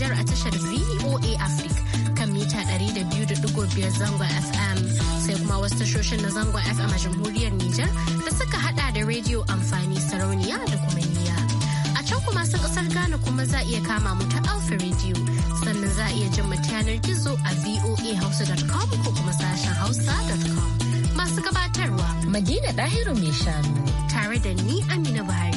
Niger a tashar VOA Africa kan mita 200.5 zangon FM sai kuma wasu tashoshin na zangon FM a jamhuriyar Nijar da suka hada da rediyo amfani sarauniya da kuma niya. A can kuma sun kasar Ghana kuma za iya kama mu ta Alfa Radio sannan za iya jin mata yanar gizo a voahausa.com ko kuma sashen hausa.com. Masu gabatarwa Madina Dahiru mai shanu tare da ni Amina Buhari.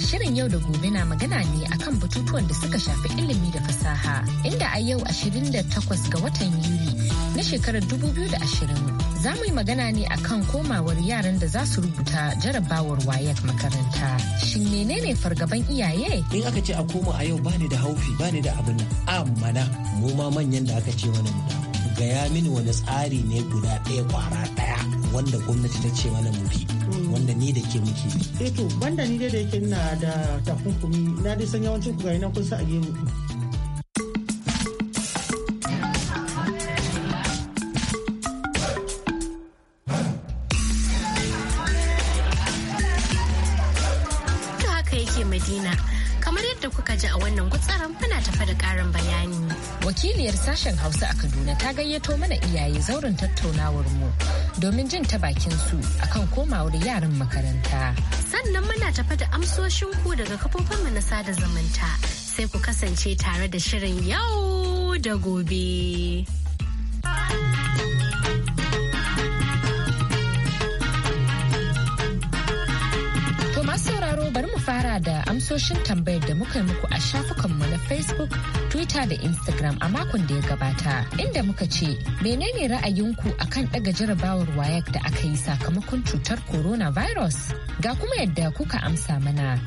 shirin yau da gobe na magana ne akan batutuwan da suka shafi ilimi da fasaha inda a yau 28 ga watan Yuli na shekarar 2020 za mu yi magana ne akan komawar yaran da za su rubuta jarabawar wayek makaranta. Shin menene fargaban iyaye? In aka ce a koma a yau bani da haufi bani da abin amana mu ma manyan da aka ce mana mu gaya mini wani tsari ne guda ɗaya kwara ɗaya wanda gwamnati ta ce mana mu bi wanda ni da ke muke yi. Eh to banda ni dai da yake ina da takunkumi na dai san yawancin ku ga nan kun sa a gemu. Madina kamar yadda kuka ji a wannan gutsaran muna tafa da ƙarin bayani. wakiliyar sashen hausa a kaduna ta gayyato mana iyaye zauren tattaunawar mu domin jin ta bakin su akan komawar yaran makaranta sannan muna tafa da amsoshin ku daga kafofin mu na sada zumunta sai ku kasance tare da shirin yau da gobe. da amsoshin tambayar da muka yi muku a shafukanmu na Facebook, Twitter da Instagram a makon da ya gabata. Inda muka ce, menene ra'ayinku kan ɗaga jarabawar wayak da aka yi sakamakon cutar coronavirus? Ga kuma yadda kuka amsa mana.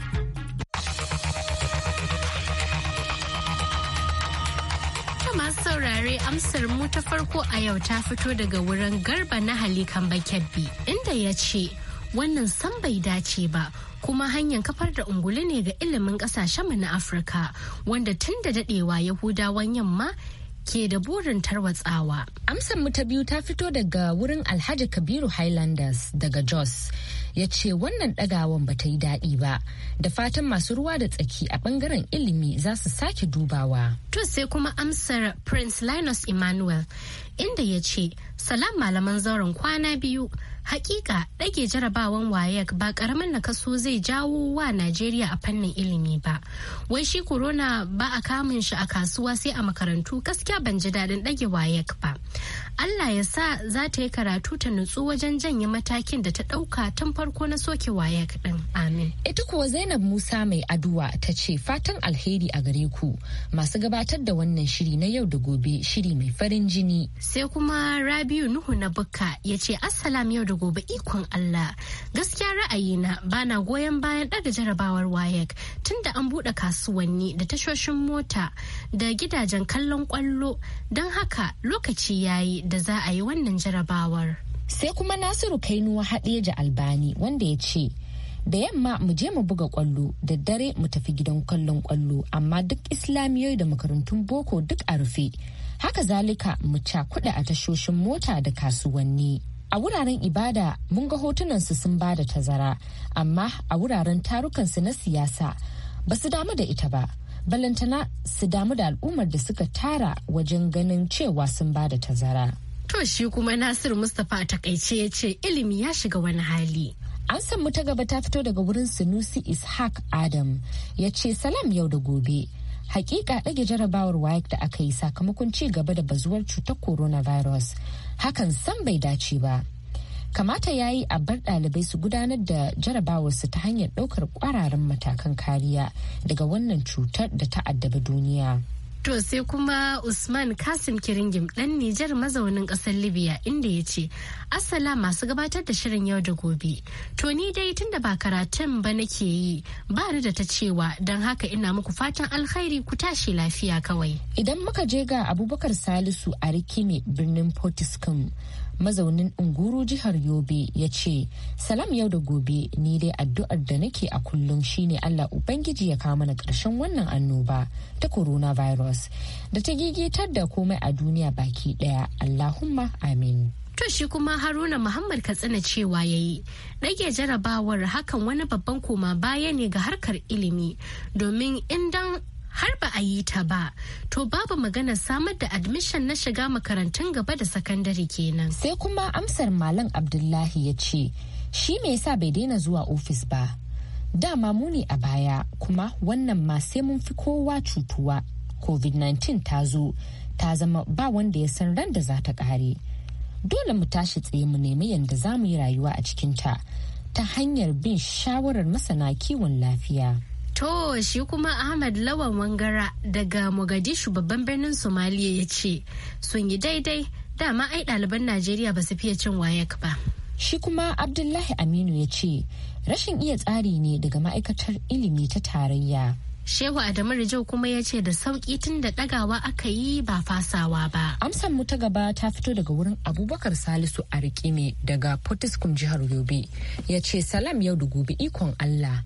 masu saurare amsar mu ta farko a yau ta fito daga wurin garba na halikan bakebbi inda ya ce wannan san bai dace ba kuma hanyar kafar da unguli ne ga ilimin kasashenmu na afirka wanda tun da dadewa yahudawan yamma ke da burin tarwatsawa. Amsar mu ta biyu ta fito daga wurin Alhaji Kabiru Highlanders daga Jos. Ya ce wannan dagawan ba ta yi daɗi ba, da fatan masu ruwa da tsaki a bangaren ilimi za su sake dubawa. To sai kuma amsar Prince Linus Emmanuel, inda ya ce, Salam malaman zauren kwana biyu, Hakika ɗage jarabawan wayek ba ƙaramin nakaso zai jawo wa Najeriya a fannin ilimi ba. Wai shi korona ba a kamun shi a kasuwa sai a makarantu gaskiya ban ji daɗin ɗage wayek ba. Allah ya sa za ta yi karatu ta nutsu wajen janye matakin da ta ɗauka tun farko na soke waya kaɗan. Amin. Ita kuwa Zainab Musa mai aduwa ta ce fatan alheri a gare ku masu gabatar da wannan shiri na yau da gobe shiri mai farin jini. Sai kuma Rabiu Nuhu na Bukka ya ce Assalam yau da gobe ikon Allah. Gaskiya ra'ayina na goyon bayan ɗaga jarabawar wayek da an buɗe kasuwanni da tashoshin mota da gidajen kallon kwallo don haka lokaci yayi da za a yi wannan jarabawar. Sai kuma Nasiru Kainuwa Haɗeja Albani wanda ya ce, da yamma mu je mu buga ƙwallo da dare mu tafi gidan kwallon kwallo amma duk islamiyoyi da makarantun boko duk a rufe haka zalika mu ca kuɗi a tashoshin mota da kasuwanni a wuraren ibada mun ga hotunansu sun ba da tazara amma a wuraren tarukansu na siyasa ba su damu da ita ba balantana su damu da al'ummar da suka tara wajen ganin cewa sun bada tazara. To shi kuma Nasiru Mustapha takaice ya ce ilimi ya shiga wani hali. An san mu ta gaba ta fito daga wurin Sunusi Ishaq Adam ya ce salam yau da gobe. Hakika ɗage jarabawar wayek da aka yi sakamakon ci gaba da bazuwar cutar coronavirus. Hakan san bai dace ba. kamata ya yi a bar ɗalibai su gudanar da jarabawar su ta hanyar ɗaukar ƙwararren matakan kariya daga wannan cutar da ta addabi duniya. To sai kuma Usman Kasim Kiringim ɗan Nijar mazaunin ƙasar Libya inda ya ce, Assala masu gabatar da shirin yau da gobe. To ni dai tunda ba karatun ba nake yi ba ni da ta cewa don haka ina muku fatan alkhairi ku tashi lafiya kawai. Idan muka je ga Abubakar Salisu a Rikime birnin Portiskum mazaunin unguru jihar yobe ya ce salam yau da gobe ni dai addu'ar da nake a kullum shine allah ubangiji ya kawo mana karshen wannan annoba ta coronavirus da ta gigitar da komai a duniya baki daya allahumma amin To shi kuma Haruna Muhammad Katsina cewa ya yi, ɗage jarabawar hakan wani babban koma baya ne ga harkar ilimi domin inda har ba a yi ta ba to babu magana samar da admission na shiga makarantun gaba da sakandare kenan sai kuma amsar malam abdullahi ya ce shi me yasa bai daina zuwa ofis ba dama muni a baya kuma wannan ma sai mun fi kowa cutuwa covid-19 ta zo ta zama ba wanda ya san ran da za ta kare dole mu tashi tsaye mu nemi yadda za mu yi rayuwa a cikinta ta hanyar bin shawarar masana kiwon lafiya. To shi kuma Ahmad Lawan Wangara daga Mogadishu babban birnin somalia ya ce sun yi daidai dama ai ɗaliban Najeriya ba su fiye cin wayek ba. Shi kuma Abdullahi Aminu ya ce rashin iya tsari ne daga ma'aikatar ilimi ta tarayya. Shehu Adamu Rijau kuma ya ce da sauƙi tun da ɗagawa aka yi ba fasawa ba. Amsan mu ta gaba ta fito daga wurin Abubakar Salisu a rikime daga Potiskum jihar Yobe. Ya ce salam yau da gobe ikon Allah.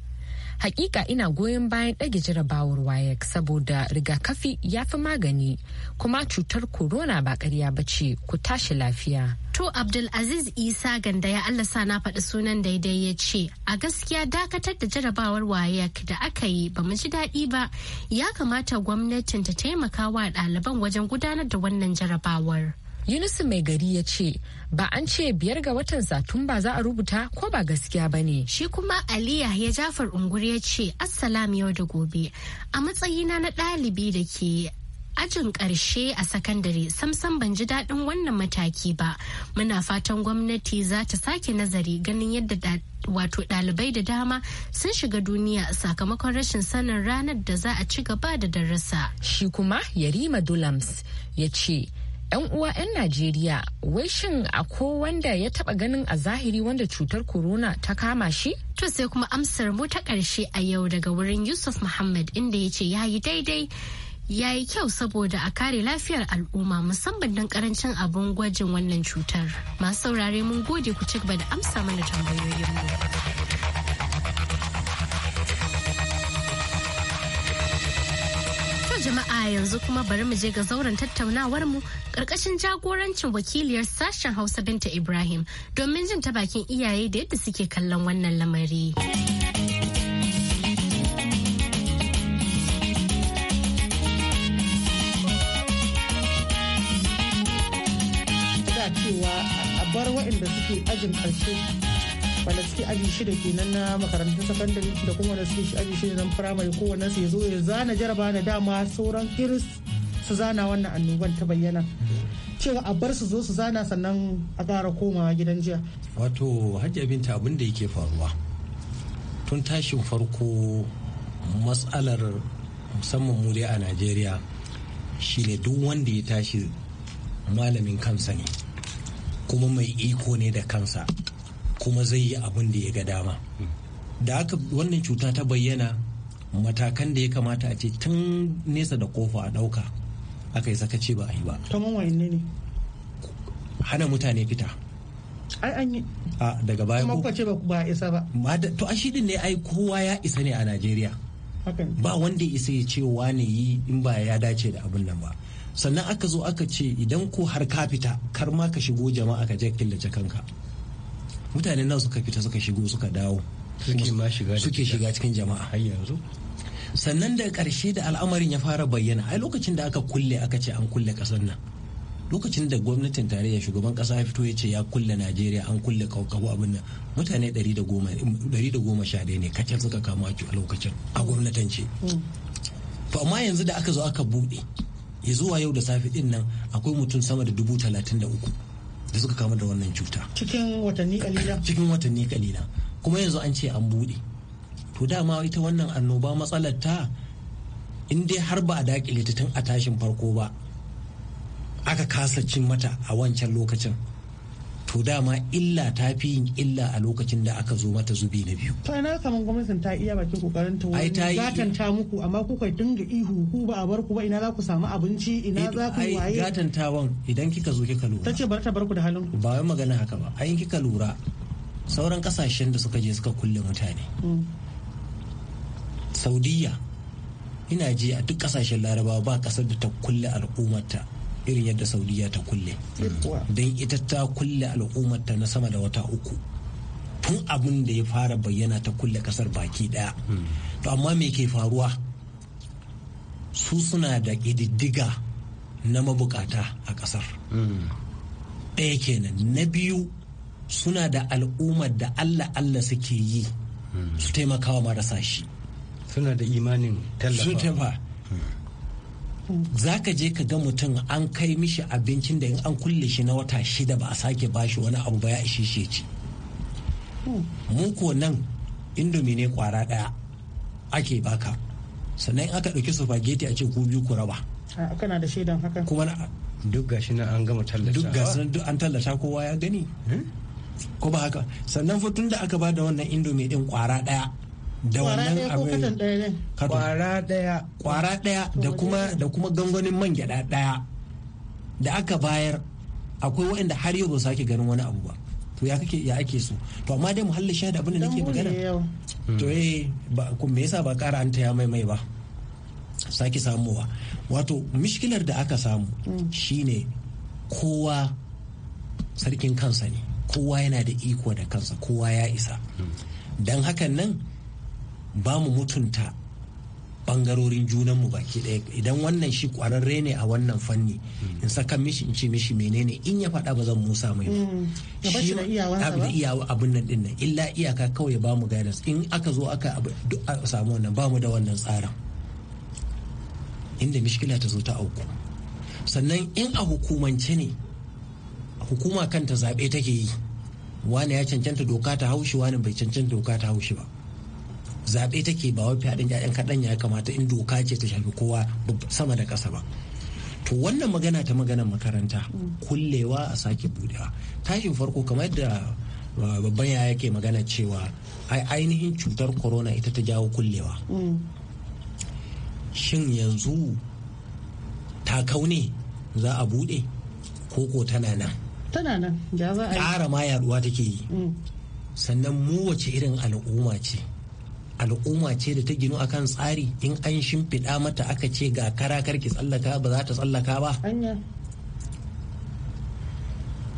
hakika ina goyon bayan ɗage jarabawar wayek saboda rigakafi ya fi magani kuma cutar corona ba ƙarya ba ce ku tashi lafiya To Abdulaziz Isa ganda ya Allah sa na faɗi sunan daidai ya ce a gaskiya dakatar da jarabawar wayek da aka yi ba mu ji daɗi ba ya kamata gwamnatin ta taimaka wa ɗaliban wajen gudanar da wannan jarabawar. Yunusu mai gari ya ce ba an ce biyar ga watan Satumba za a rubuta ko ba gaskiya ba ne. Shi kuma aliya ya Jafar Ungur ya ce assalamu yau da gobe a matsayina na ɗalibi da ke ajin ƙarshe a sakandare samsam ban ji daɗin wannan mataki ba muna fatan gwamnati za ta sake nazari ganin yadda wato ɗalibai da dama sun shiga duniya sakamakon rashin sanin ranar da za a ci gaba da darasa shi kuma yarima dulams ya ce 'yan uwa 'yan najeriya wai shin ko wanda ya taba ganin a zahiri wanda cutar corona ta kama shi to sai kuma amsar mu ta ƙarshe a yau daga wurin yusuf muhammad inda ya ce ya yi daidai ya yi kyau saboda a kare lafiyar al'umma musamman don karancin abin gwajin wannan cutar masu saurare mun gode ku ci gaba da amsa mana tambayoyin mu. a yanzu kuma bari mu je ga zauren tattaunawar mu karkashin jagorancin wakiliyar sashen Hausa Binta Ibrahim domin jin ta bakin iyaye da yadda suke kallon wannan lamari. cewa a bar waɗanda suke ajin ƙarshe wanda suke aji shida kenan na makarantun sakandare da kuma wanda suke aji shida na firamare kowanne su ya zo ya zana jaraba da dama sauran iris su zana wannan annoban ta bayyana cewa a bar su zo su zana sannan a ƙara komawa gidan jiya wato hajji ta abin da yake faruwa tun tashin farko matsalar musamman mu dai a najeriya shine duk wanda ya tashi malamin kansa ne kuma mai iko ne da kansa kuma zai yi abin da ya ga dama da aka, wannan cuta ta bayyana matakan da ya kamata a ce tun nesa da kofa a ɗauka aka yi sakaci ba a yi ba ne hana mutane fita ai an yi a daga baya kuma kwace ba isa ba to a shidin ne ai kowa ya isa ne a najeriya ba wanda isa ya ce ne yi in ba ya dace da abin nan ba sannan aka zo aka ce idan ko har ka fita kar ma ka shigo jama'a ka je killace kanka mutane nan suka fita suka shigo suka dawo suke shiga cikin jama'a har yanzu sannan da karshe da al'amarin ya fara bayyana ai lokacin da aka kulle aka ce an kulle kasar nan lokacin da gwamnatin tarayya shugaban kasa ya fito ya ce ya kulle najeriya an kulle kawo abin nan mutane 111 ne kacal suka kama a lokacin a gwamnatance mm. to amma yanzu da aka zo aka buɗe ya zuwa yau da safe din nan akwai mutum sama da dubu talatin da uku da suka kama da wannan cuta cikin watanni kalila cikin watanni kalila kuma yanzu an ce an bude to dama ita wannan annoba matsalar ta in dai har ba a dakile ta tun a tashin farko ba aka kasa cin mata a wancan lokacin to dama illa ta fi yin illa a lokacin da aka zo mata zubi na biyu. to ina kamar gwamnatin ta iya bakin kokarin ta wani ta muku amma kuka dinga ihu ku ba a bar ku ba ina za ku samu abinci ina eh, za ku waye. gatan gatantawan idan kika zo kika lura. ta ce bar ta bar ku da halin ku. ba wai magana haka ba ai kika lura sauran kasashen da suka je suka kulle mutane. Hmm. saudiya ina je a duk kasashen larabawa ba kasar da ta kulle al'ummarta irin yadda saudiya ta kulle don ita ta kulle al'ummarta na sama da wata uku tun abin da ya fara bayyana ta kulle kasar baki daya hmm. to amma me ke faruwa su suna da ƙididdiga na mabukata a ƙasar hmm. ɗaya kenan na biyu suna da al'ummar da allah allah suke yi hmm. su taimakawa marasa shi suna da imanin tallafa za ka je ka ga mutum an kai mishi abincin da an kulle shi na wata shida ba a sake bashi wani abu ba ya ishe shi ci mu ko nan indomi ne kwara daya ake baka sannan aka ɗauki spaghetti a ce ku biyu ku raba kana da shaidan haka kuma duk gashi na an gama tallata duk gashi nan an tallata kowa ya gani hmm? ko ba haka sannan fa tun da aka da wannan indomi din kwara daya da wannan kwara daya kwara daya da kuma da kuma gangonin man gyada daya da aka bayar akwai waɗanda har yau ba su sake ganin wani abu ba to ya kake ya ake so to amma dai muhalli shahada abin da nake magana hmm. to eh ba me yasa ba kara an taya mai mai ba sake samuwa wato mishkilar da aka samu hmm. shine kowa sarkin kansa ne kowa yana da iko da kansa kowa ya isa hmm. dan hakan nan ba mu mutunta bangarorin junanmu baki ɗaya idan wannan shi kwararre ne a wannan fanni in saka mishi in ce mishi menene in ya faɗa ba zan musa mai ba mm. shi da iyawa abin nan din nan illa iyaka kawai ba mu gaidas in aka zo aka samu wannan ba mu da wannan tsarin inda mishkila ta zo ta auku sannan in a hukumance ne hukuma kanta zaɓe take yi wani ya cancanta doka ta haushi wani bai cancanta doka ta haushi ba zaɓe take ba wai fyaɗin ƴaƴan kaɗan ya kamata in doka ce ta shafi kowa sama da ƙasa ba to wannan magana ta maganar makaranta kullewa a sake budewa tashin farko kamar da babban ya yake magana cewa ai ainihin cutar corona ita ta jawo kullewa mm. shin yanzu ta kaune za a bude koko tana nan tana nan za a ƙara ma yaduwa take yi mm. sannan mu wace irin al'umma ce al'umma ce da ta ginu akan tsari in an shimfiɗa mata aka ce ga kara karki tsallaka ba za ta tsallaka ba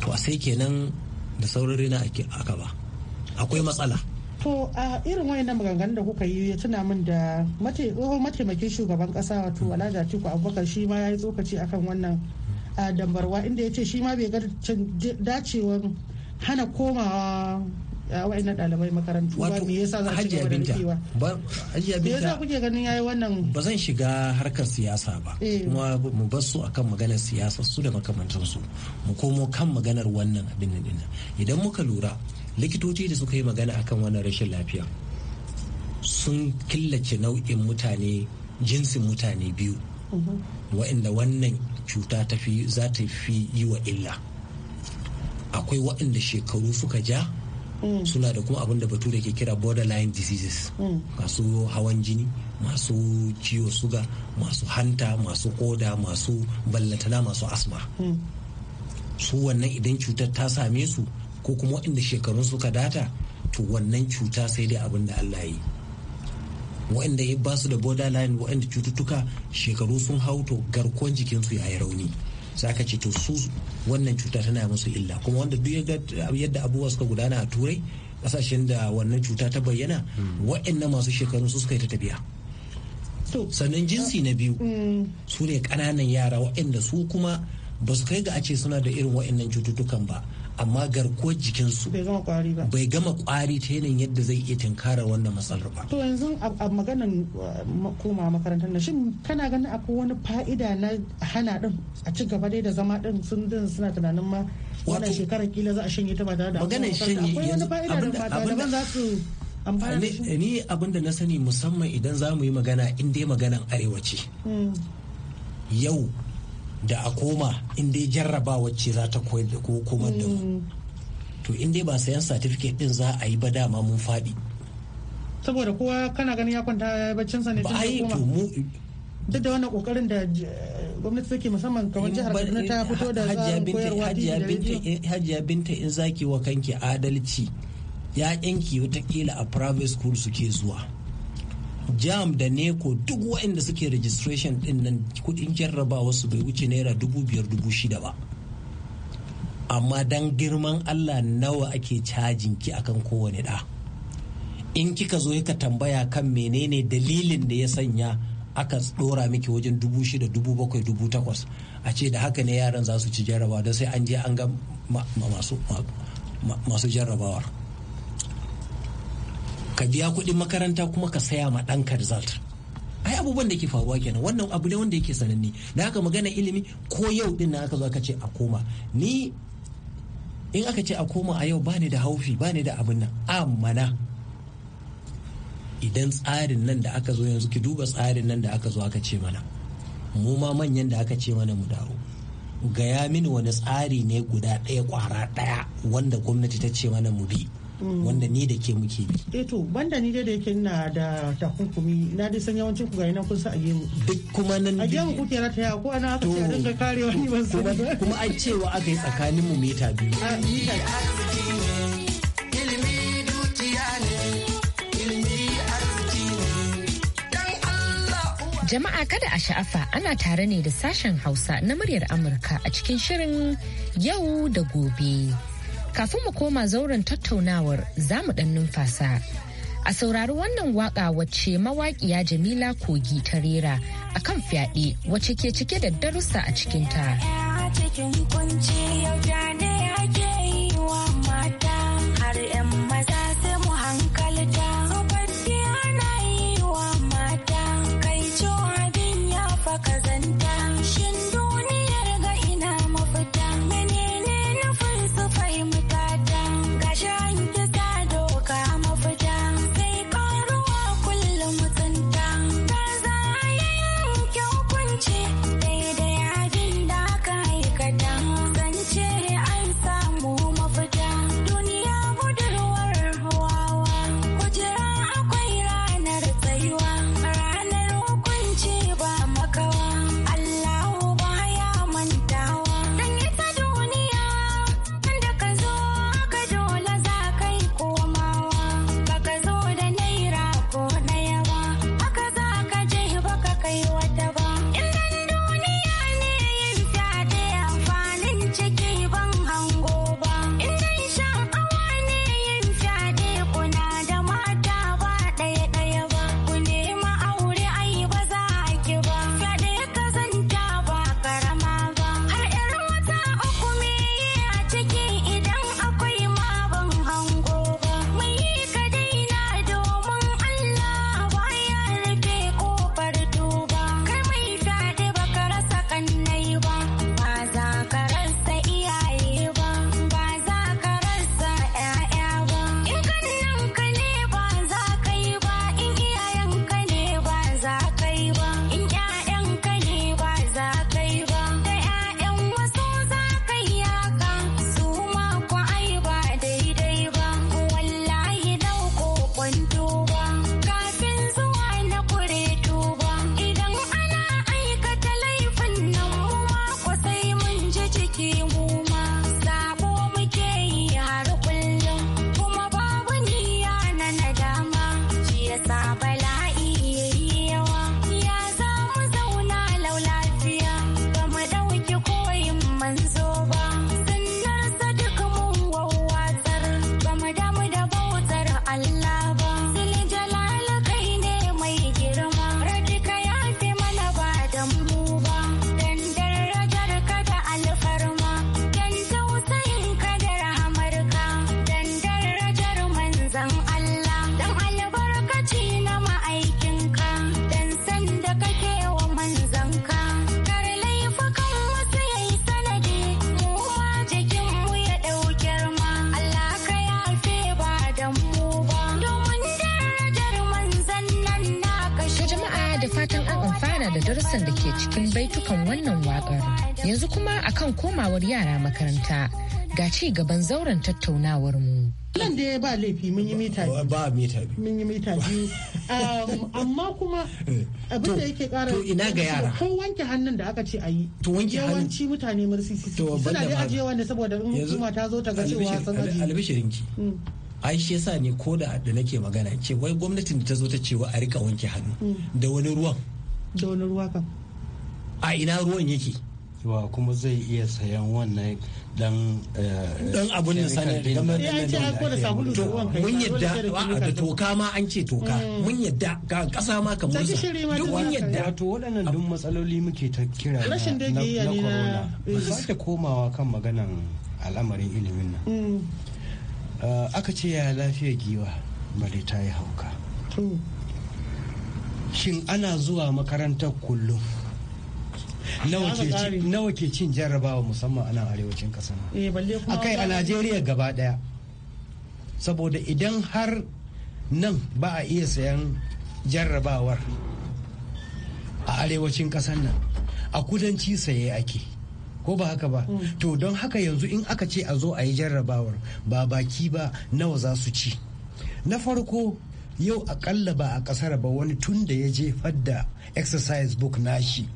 to a sai kenan da saurin rina aka ba akwai matsala to a irin wayannan maganganu da kuka yi ya tuna min da mataimakin shugaban kasa wato mm. alhaji atiku abubakar shi ma ya yi tsokaci akan wannan dambarwa inda ya ce shi ma bai ga dacewan hana komawa wa'annan dalibai makarantu ba me yasa za su gaba da ba ya binta me yasa kuke ganin yayi wannan ba zan shiga harkar siyasa ba eh. kuma mu bar su akan maganar siyasa su da makamantan su mu komo kan maganar wannan abin din idan muka lura likitoci da suka yi magana akan wannan rashin lafiya sun killace nau'in mutane jinsin mutane biyu mm-hmm. wa'inda wannan cuta ta fi za ta fi yi wa illa akwai waɗanda shekaru suka ja Mm. suna da kuma abin da bature ke kira borderline diseases mm. masu hawan jini masu ciwo suga masu hanta masu koda masu ballatana masu asma mm. su wannan idan cutar ta same su ko kuma waɗanda shekarun suka data to wannan cuta sai dai abin da Allah yi waɗanda ya ba su da borderline waɗanda cututtuka shekaru sun hau to garkuwan jikinsu ya yi rauni za ka ce to su wannan cuta tana musu illa kuma wanda duk yadda abubuwa suka gudana a turai kasashen da wannan cuta ta bayyana waɗannan masu shekaru su suka yi ta tafiya sannan jinsi na biyu mm. su ne kananan yara waɗanda su kuma ba su kai ga a ce suna da irin waɗannan cututtukan ba amma garkuwar jikinsu bai gama kwari ta yanayin yadda zai iya tinkara wannan matsalar ba. To yanzu a maganan uh, koma makarantar na shin kana ganin akwai wani fa'ida na hana din a ci gaba dai da zama din sun din suna tunanin ma wannan shekarar kila za a shanye ta ba da maganan shanye akwai wani da ba za su ni abin da na sani musamman idan za mu yi magana in dai maganan arewaci hmm. yau da a koma inda ya jarraba ce za ta koyar da ko komar da mu mm. to in dai ba sayan certificate din za a yi ba dama mun faɗi saboda kowa kana ganin ya kwanta ya baccin sa ne ba ai to mu duk da wannan kokarin da eh, gwamnati take musamman kamar jihar Kaduna ta fito da tsarin koyarwa eh, hajiya binta in zaki wa kanki adalci ya yanki watakila a private school suke zuwa jam da neko duk waɗanda suke registration din nan kudin jarrabawa su bai wuce naira dubu biyar shida ba amma dan girman allah nawa ake cajin ki akan kowane da in kika zo yaka tambaya kan menene dalilin da ya sanya aka dora miki wajen dubu shida dubu bakwai dubu takwas a ce da haka ne yaran za su ci jarrabawa da sai an je an ga masu jarrabawar ka biya kuɗin makaranta kuma ka saya ma ɗanka result ai abubuwan da ke faruwa kenan wannan abu ne wanda yake sananni da haka magana ilimi ko yau din na aka zo aka ce a koma ni in aka ce a koma a yau bani da haufi bani da abin nan amana idan tsarin nan da aka zo yanzu ki duba tsarin nan da aka zo aka ce mana mu ma manyan da aka ce mana mu dawo gaya mini wani tsari ne guda ɗaya kwara ɗaya wanda gwamnati ta ce mana mu bi Mm. wanda ni da ke muke bi eh to banda ni da yake na da takunkumi na dai san yawancin ku ga nan kun sa a gemu duk kuma nan a gemu kuke na taya ko ana aka ce dinga kare wani ban sani kuma an cewa aka yi tsakanin mu mita biyu ah, mita Jama'a kada a sha'afa ana tare ne da sashen Hausa na muryar Amurka a cikin shirin yau da gobe. Kafin mu koma zauren tattaunawar za mu dan numfasa. A saurari wannan waka wacce mawaƙiya Jamila Kogi ta rera a kan fyaɗe wacce ke cike da darussa a cikinta. cikin cikin baitukan wannan wakar. Yanzu kuma akan komawar yara makaranta ga ci gaban zauren tattaunawar mu. Nan da ba laifi mun yi mita biyu. Ba mita biyu. Mun yi mita biyu. Um, amma kuma eh. abin da yake kara. To ina ga yara. Ko wanke hannun da aka ce a yi. To wanke hannun. Yawanci mutane marsisi suna da ajiye wanda saboda in kuma ta zo ta ga cewa sun albishirin ki mm. ai shi yasa ne ko da da nake magana ce wai gwamnatin da ta zo ta cewa a rika wanke hannu mm. da wani ruwan da wani ruwa kan a ina ruwan yake wa kuma zai iya sayan wannan dan eh, dan abun nan sanar da mun yadda da toka ma an ce toka mm. mun yadda ga kasa ma kamar sa duk mun yadda wato waɗannan duk matsaloli muke ta kira na corona ba ne na komawa kan maganan al'amarin ilimin nan mm. eh, aka ce ya lafiya giwa bare ta yi hauka shin ana zuwa makarantar kullum nawa ke cin jarrabawa musamman a nan arewacin ƙasar eh, akai a najeriya gaba ɗaya saboda idan har nan ba a iya sayan jarrabawar a arewacin ƙasar nan a kudanci saye ake ko ba haka ba hmm. to don haka yanzu in aka ce a zo a yi jarrabawar ba baki ba nawa za su ci na farko yau akalla ba a kasar ba wani tun da ya jefar da exercise book shi.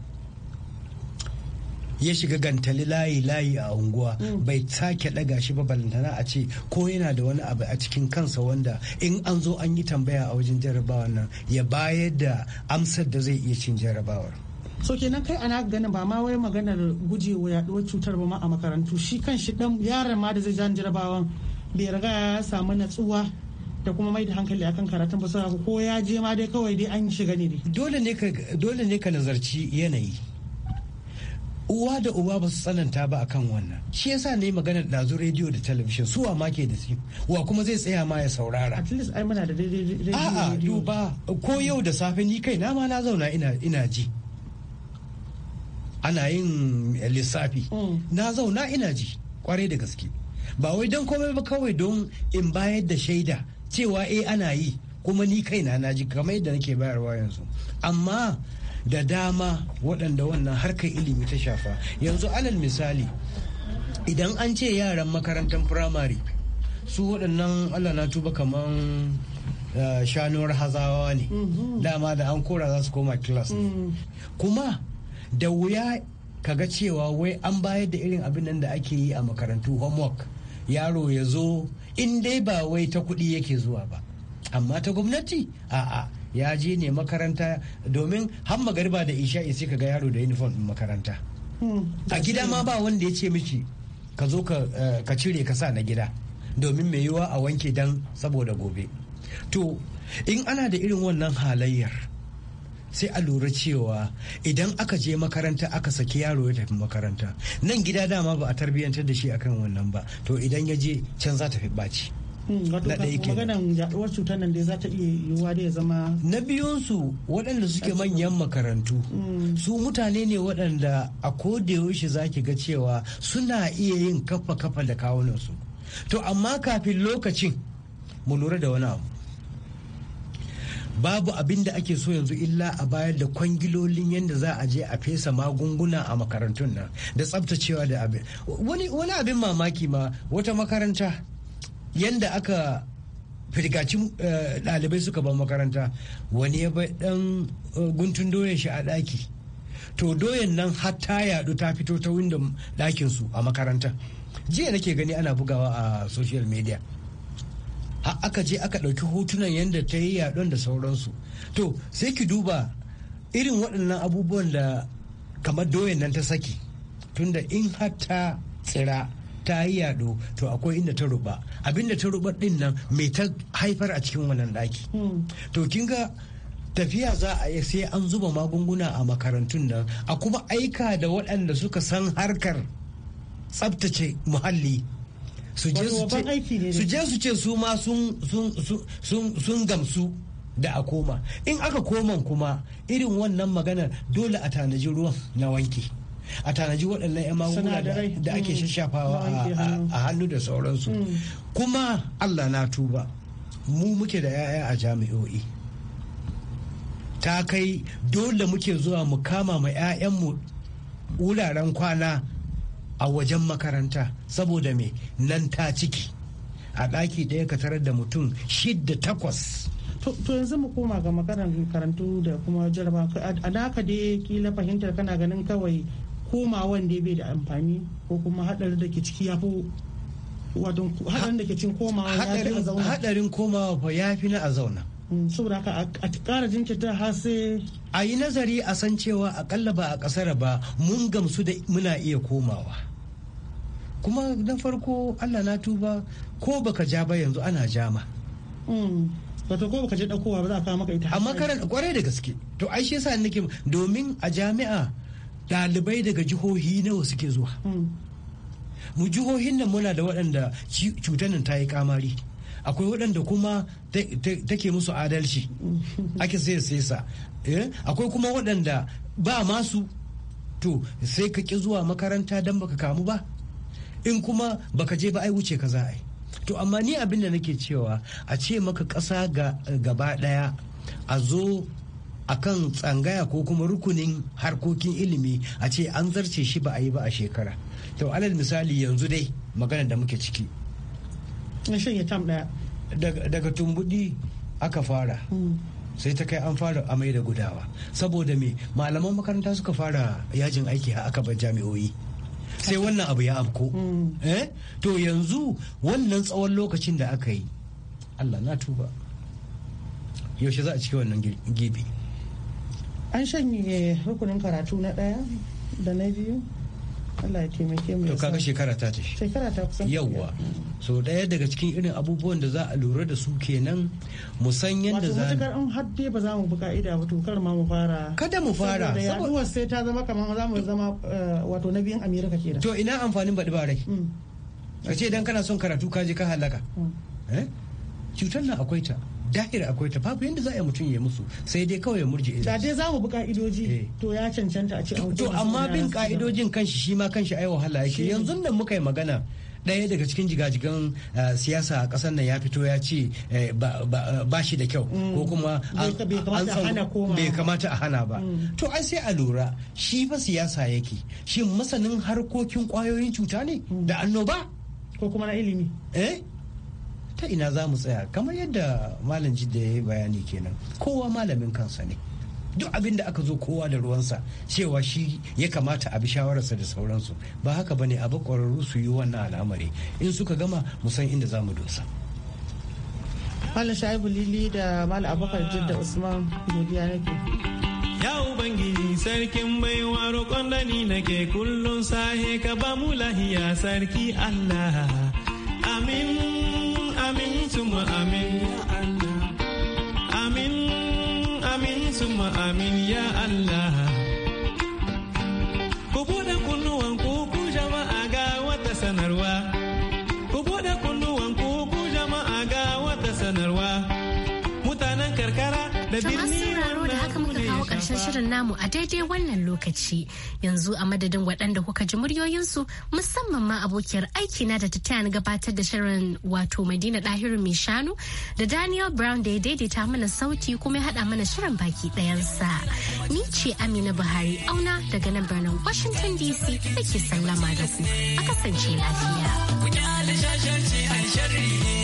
ya shiga gantali layi layi a unguwa mm. bai sake daga shi ba balantana a ce ko yana da wani abu a cikin kansa wanda in an zo an yi tambaya a wajen jarabawar nan ya bayar da amsar da zai iya cin jarabawar so kenan kai ana gani ba ma wai maganar gujewa yaduwar cutar ba ma a makarantu shi kan shi dan yaron ma da zai jan jarabawan bai riga ya samu natsuwa da kuma mai da hankali akan karatun ba ko ya je ma dai kawai dai an shiga ne dole ne ka nazarci yanayi uwa da uwa ba su tsananta ba akan wannan shi yasa ne maganar dazu rediyo da talabijin su wa ke da su wa kuma zai tsaya ma ya saurara at least ai muna da rediyo a'a duba ko yau da safe ni kai na ma na zauna ina ji ana yin lissafi mm. na zauna ina ji kwarai da gaske ba wai don komai ba kawai don in bayar da shaida cewa eh ana yi kuma ni kaina na ji kamar yadda nake bayarwa yanzu amma da dama waɗanda wannan harkar ilimi ta shafa yanzu alal misali idan an ce yaran makarantar firamare su waɗannan allah na tuba kaman eh, shanuwar hazawa ne mm-hmm. dama da an kora za su koma kilas mm-hmm. kuma da wuya ka ga cewa wai an bayar da irin abin nan da ake yi a makarantu homework yaro ya zo in dai ba wai ta kuɗi yake zuwa ba amma ta gwamnati a'a ya je ne makaranta domin har magariba da isha'i sai ka ga yaro da uniform din makaranta hmm, a gida ma ba wanda ya ce miki ka zo eh, ka cire ka sa na gida domin mai yiwa a wanke dan saboda gobe to in ana da irin wannan halayyar sai a lura cewa idan aka je makaranta aka saki yaro ya tafi makaranta nan gida dama ba a tarbiyyantar da shi akan wannan ba to idan ya je can za ta fi ɓaci na biyunsu waɗanda suke manyan makarantu mm. su mutane ne waɗanda a koda yaushe zaki ga cewa suna iya yin kafa kafa da kawunansu to amma kafin lokacin mu lura da wani abu babu abin da ake so yanzu illa a bayar da kwangilolin yadda za a je a fesa magunguna a makarantun nan da tsabtacewa da abin wani abin mamaki ma wata makaranta yanda aka firgaci eh, ɗalibai suka ban makaranta wani ya bai ɗan eh, guntun doyan shi a ɗaki to doyan nan har ta yaɗu ta fito ta windon ɗakinsu a makaranta jiya nake gani ana bugawa a social media har aka je aka ɗauki hotunan yanda ta yi yaɗon da sauransu to sai ki duba irin waɗannan abubuwan da kamar doyan nan ta saki tunda in har tsira ta yi yado to akwai inda ta ruba abinda ta ruba din nan mai ta haifar a cikin wannan daki hmm. to kin ga tafiya za a yi sai an zuba magunguna a makarantun nan a kuma aika da waɗanda suka san harkar tsabtace muhalli su je su ce su ma sun gamsu da a koma in aka koman kuma irin wannan maganar dole a tanaji ruwan na wanke. a tanaji waɗannan 'yan magunguna da ake mm. shashafawa a hannu da sauransu mm. kuma allah na tuba mu muke da 'ya'ya a jami'o'i ta kai dole muke zuwa mu kama ma 'ya'yanmu wuraren kwana a wajen makaranta saboda me nan ta ciki a ɗaki ɗaya ka tarar da mutum shidda takwas to yanzu mu koma ga karantu da kuma jarabawa a naka dai kila fahimtar kana ganin kawai koma wanda bai da amfani ko kuma hadarin da ke ciki ya fi wato hadarin da ke cin komawa ya fi a zauna hadarin komawa fa ya fi na a zauna mm, saboda haka a kara jinkirta har sai a yi nazari a san cewa akalla ba a kasar ba mun gamsu da muna iya komawa kuma na farko allah na tuba ko baka ja ba yanzu ana jama mm, wato ko baka je ɗaukowa ba za a kawo maka ita A makaranta kwarai da gaske to ai shi yasa nake domin a jami'a dalibai daga jihohi nawa suke zuwa hmm. mu jihohin nan muna da waɗanda cutar nan ta yi kamari akwai waɗanda kuma take musu adalci hmm. ake sai sa eh? akwai kuma waɗanda ba masu to sai ka ƙi zuwa makaranta don baka kamu ba in kuma baka je ba ai wuce ka za yi to amma ni abin da nake cewa a ce maka ƙasa gaba ɗaya a zo akan tsangaya ko kuma rukunin harkokin ilimi a ce an zarce shi ba a yi ba a shekara to alal misali yanzu dai magana da muke ciki tam daga tumbudi aka fara mm. sai ta kai an fara amai da gudawa saboda me malaman makaranta suka fara yajin aiki a aka jami'oyi jami'o'i sai wannan abu ya afko mm. eh? to yanzu wannan tsawon lokacin da aka yi allah na tuba yaushe za a ciki wannan gibi an shanye rukunin karatu na ɗaya da na biyu Allah ya taimake mu. To kaga shekara ta tafi. Shekara ta kusan. Yawwa. So daya daga cikin irin abubuwan da za a lura da su kenan mu san yadda za. Wato matukar in har dai ba za mu buka ida ba to kar ma mu fara. Kada mu fara. Saboda sai ta zama kamar za mu zama eh, wato na biyan Amerika kenan. To ina amfanin baɗi ba rai. Mm. Ka ce idan kana son karatu ka je ka halaka. Mm. Eh? Cutar nan akwai ta. dahira akwai ta yadda za a yi mutum ya musu sai dai kawai ya murje da dai za mu bi ka'idoji eh. to ya cancanta a ce an to amma bin ka'idojin kanshi shi ma kanshi ai wahala yake yanzu nan muka yi magana Daya daga cikin jigajigan eh, siyasa a ƙasar nan ya fito ya ce eh, ba shi da kyau mm. ko kuma bai kamata a hana ba mm. to ai sai a lura shi fa siyasa yake shi masanin harkokin kwayoyin cuta ne mm. da annoba ko kuma na ilimi eh ta ina za mu tsaya kamar yadda malam jidda ya yi bayani kenan kowa malamin kansa ne duk abin da aka zo kowa da ruwansa cewa shi ya kamata a bi shawararsa da sauransu ba haka bane a bakwararru su yi wannan al'amari in suka gama mu san inda za mu dosa Malam Shaibu Lili da Malam Abubakar Jidda Usman godiya nake. Ya Ubangiji sarkin baiwa roƙon da nake kullum sahe ka ba mu lahiya sarki Allah. Amin summa amin ya Allah amin amin summa amin ya Allah mu a daidai wannan lokaci. Yanzu a madadin waɗanda kuka ji muryoyinsu musamman ma abokiyar aiki na da ta gabatar da shirin wato Madina Ɗahiru mai shanu da Daniel Brown da ya daidaita mana sauti kuma ya haɗa mana shirin baki ɗayansa. Ni ce Amina Buhari auna daga nan birnin Washington DC da ke sallama da ku. A kasance lafiya.